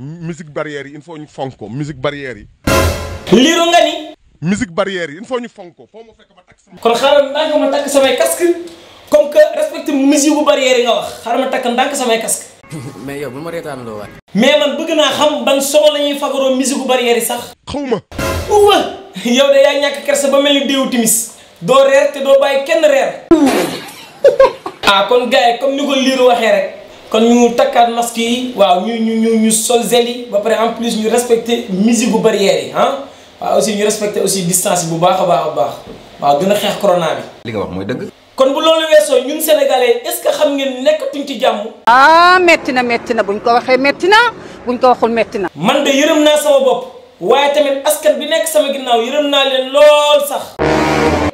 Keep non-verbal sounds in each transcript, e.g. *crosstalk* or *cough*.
musique barrière yi il faut ñu fonko ko musique barrière yi liru nga ni musique barrière yi il faut ñu fonko fo mo fekk ba tak sama kon xaram ndank ma tak sama casque comme que respecte musique bu barrière yi nga wax xaram tak ndank sama casque *laughs* mais yow bu ma reetaan lo wat mais man bëgg na xam ban solo lañuy ñuy musique bu barrière yi sax xawma uwa yow da ya ñak kersa ba melni deew timis do rer te do bàyyi kenn rer *laughs* ah kon gaay comme ni ko liru waxee rek kon ñu takkaat masque yi waaw ñu ñu ñu ñu sol zel ba pare en plus ñu respecter musique bu barrière yi ah waaw aussi ñu respecter aussi distance bu baax a baax a baax waaw gën a xeex corona bi. li nga wax mooy dëgg. kon bu loolu weesoo ñun sénégalais est-ce que xam ngeen nekkatuñ ci jàmm. ah metti na metti na buñ ko waxee metti na buñ ko waxul metti na. man de yërëm naa sama bopp. waaye tamit askan bi nekk sama ginnaaw yërëm naa leen lool sax.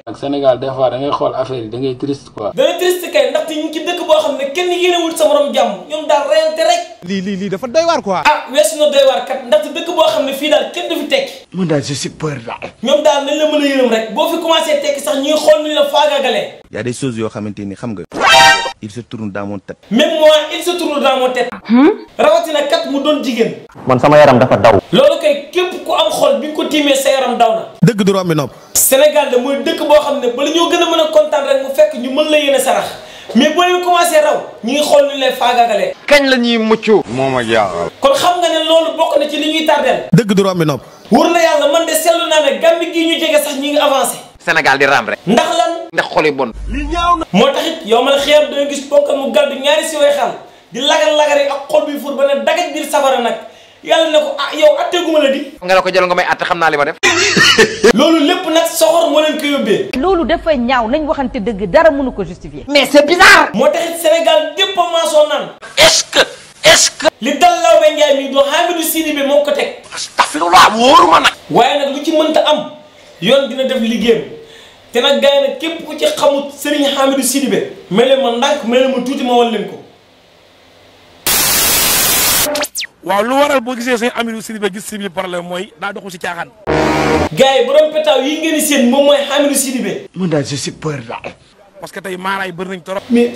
ak Sénégal des fois da ngay xool affaire yi da ngay triste quoi. dana triste kay ndaxte ñu ngi ci dëkk boo xam ne kenn yéenewul sa morom jàmm ñoom daal reyante rek. lii lii lii dafa doy waar quoi. ah weesu na doy waar kat ndaxte dëkk boo xam ne fii daal kenn du fi tekki. daal je suis la yërëm rek boo fi commencé tekki sax ñuy xool ni la faagaagalee. y a des choses yoo xamante ni xam nga. il se tourne dans mon tête. même moi il se tourne dans mon tête. Hmm? rawatina kat mu doon jigéen. man sama yaram dafa daw. loolu kay képp ku am xol ko sa yaram na. du Sénégal de mooy dëkk boo ne bala a a rek mu fekk ñu mais boo de commencé raw ñu xol ni lay faagaagalee. kañ la ñuy mucc. ak kon xam nga né loolu bokk na ci li ñuy du y man de sellu na ñu Sénégal di ram ndax xol yi bon li ñaaw na mo taxit yowmal mal do ngi gis ponkal mu gadd ñaari ci way di lagal lagari ak xol bi fur ba ne dagaj biir safara nak yalla nako ah yow atteeguma la di nga lako jël nga may atte xamna li ma def lolu *laughs* lepp nak soxor mo len ko lolu da fay ñaaw nañ waxante deug dara mënu ko justifier mais c'est bizarre mo taxit Sénégal dépp so nan est-ce que est-ce que li dal law be ngay mi do Hamidou Sidibé moo ko teg astafirullah wóoruma nag waaye lu ci mënta am yoon dina def liggéeyam te nag gars yi nag képp ku ci xamut Serigne Hamidou Sidibé mel leen ma ndànk mel leen ma tuuti ma wan leen waaw lu waral boo gisee Serigne Hamidou Sidibé gis si biir problème mooy daa doxul si caaxaan. gars yi borom pétaaw yi ngeen di seen moom mooy Hamidou Sidibé. mun daal je suis daal. parce que tey maaraay bëri nañ trop. mais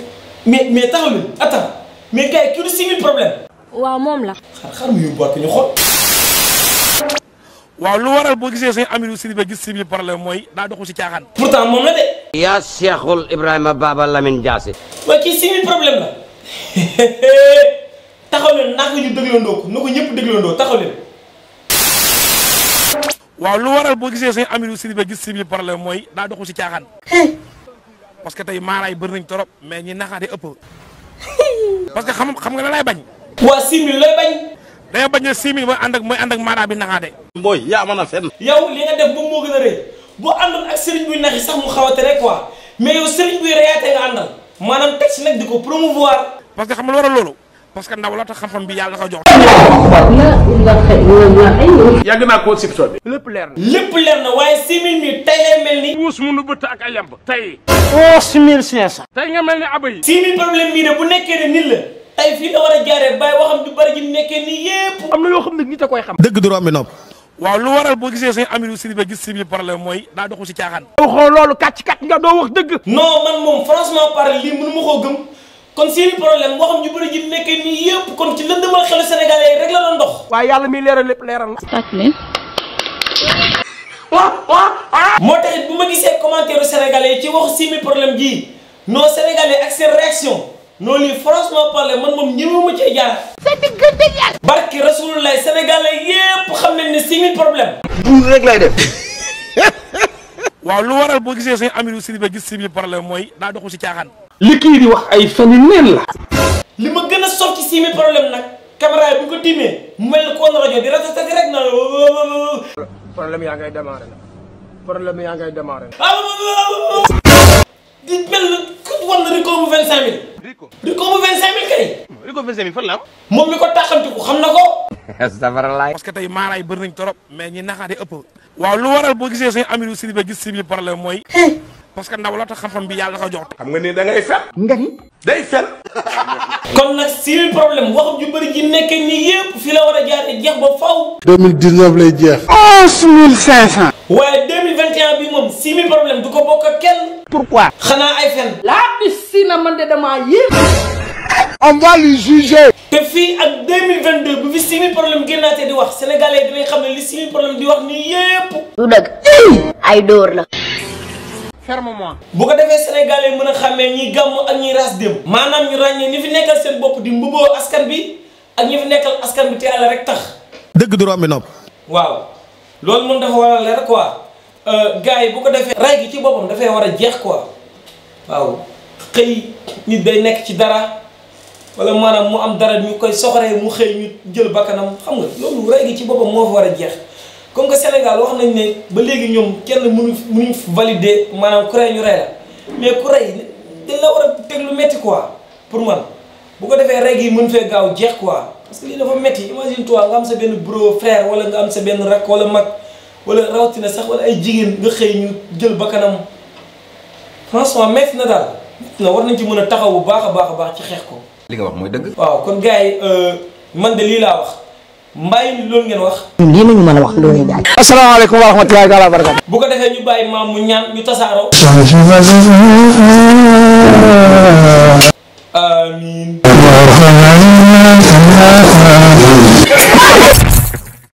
mais mais taxaw nañ attends mais gars yi kii du si problème. waaw moom la. xar xar mu yóbbuwaat ñu xool. waaw lu waral boo gisee sëñ Amidou Sidibé gis si biir problème mooy daa doxul si caaxaan. pourtant moom la de. yaa seexul Ibrahima Baba Lamine Diassé. waa kii si biir problème la *laughs* taxaw leen naka ñu dégloondoo ko na ko ñëpp dégloondoo taxaw leen. waaw lu waral boo gisee sëñ Amidou Sidibé gis si biir problème mooy daa doxul si caaxaan. *laughs* parce que tey maaraay bëri nañ torop mais ñi naxaate ëpp. *laughs* parce que xam nga la lay bañ. waa Simbi lay bañ. day bañ simi mooy ànd ak mooy ànd ak mara bi naxaade mbooy ya mën fen yow li nga def bu mo gëna a bu àndul ak serigne bu naxi sax mu xawate rek quoi mais yow serigne bu reyaate nga andal manam tax nak diko promouvoir parce que xam nga lu war a parce que ndaw la tax xam-xam bi yalla da ko jox yàgg naa ko ci bi lepp leer na lepp leer na waye simil mi tay lay melni ni mu nu bëtt ak ay yamb tey oh nga melni abay simil problème bii de bu nekké ne nit la tey fii la war a jaaree bàyyi waxam ju bari ji nekkee nii yépp am na yoo xam ne nit a koy xam. dëgg du romb nopp. waaw lu waral boo gisee suñu amiru si ba gis si biir problème mooy daa doxu si caaxaan. waxoo loolu kàcc kàcc nga doo wax dëgg. non man moom franchement parler lii mënu ma koo gëm kon seeni problème waxam ju bari ji nekkee nii yépp kon ci lëndëmal xelu sénégalais yi rek la doon dox. waaye yàlla miy leeral lépp leeral la. tàcc leen. moo taxit bu ma gisee commentaire sénégalais yi ci wax seeni problème ji non sénégalais ak seen réaction. noonu lii franchement parler man moom ñemewuma cee jaar. sa diggante yàlla. barki rasulullah sénégalais yépp xam ne si mi problème. buur rek lay def. *laughs* waaw lu waral boo gisee seen Amidou Sidibé gis si biir problème mooy daa doxu si caaxaan. li kii di wax ay fan yu neen la. li ma gën a sof ci si mi problème nag caméra bu ko tiimee mu mel ni koon rajo di rek na problème yaa la problème yaa ngay di mel ne ku na Rico bu 25000. Rico Rico bu 25000 kay. Rico 25000 fan la moom mi ko taxamtiku xam na ko. *laughs* sabaralaay. parce que tey maaraay bëri nañ trop mais ñi naxaate ëpp. waaw lu waral boo gisee suñu amiru si bi gis si bi problème mooy. *laughs* parce que ndaw la tax xam-xam bi yàlla da ko jox. xam nga ni da ngay nga ni day fen. *laughs* kon nag si problème wax ju bëri ji nekk nii yëpp fi la war a jaar jeex ba faw. 2019 lay jeex. 11500. waaye. si problèmes, problème du ko bokk ak pourquoi. xana ay fen. la piscine man de dama on va lui juger. te fi ak 2022 bu fi si Sénégalais problème gennaté di wax sénégalais dinañ xam ne li si ne problème di wax ni yépp du deug ay door la. Si bu ko sénégalais mën a ne ñi gàmm ak ñi ras dem. maanaam ñu fi nekkal di askan bi ak ñi fi nekkal askan bi rek tax. du Euh, gars yi bu ko defee rey gi ci boppam dafay war a jeex quoi waaw xëy nit day nekk ci dara walla maanaam mu am dara ñu koy soxoree mu xëy ñu jël bakkanam xam nga loolu rey gi ci boppam moo fa war a jeex comme que Sénégal wax nañ ne ba léegi ñoom kenn mënu mënuñ valider maanaam ku ñu rey mais ku rey dañ la war a lu métti quoi pour man bu ko defee rey gi mën fee gaaw jeex quoi parce que lii dafa métti imagine toi nga am sa benn bro frère wala nga am sa benn rak wala mag ولا راوتنا سخ ولا أي جين بخي نجيل بكنام فرنسا ما مثنا دار مثنا ورنا نجي من التقى وباخ باخ باخ تخيركم ليك واخ مويدك واو كن جاي آه، من دليل واخ ماي لون جن واخ لين من من واخ لون جاي السلام عليكم ورحمة الله تعالى وبركاته بكرة هني باي ما مُنيان يتسارو آمين Yeah. *laughs*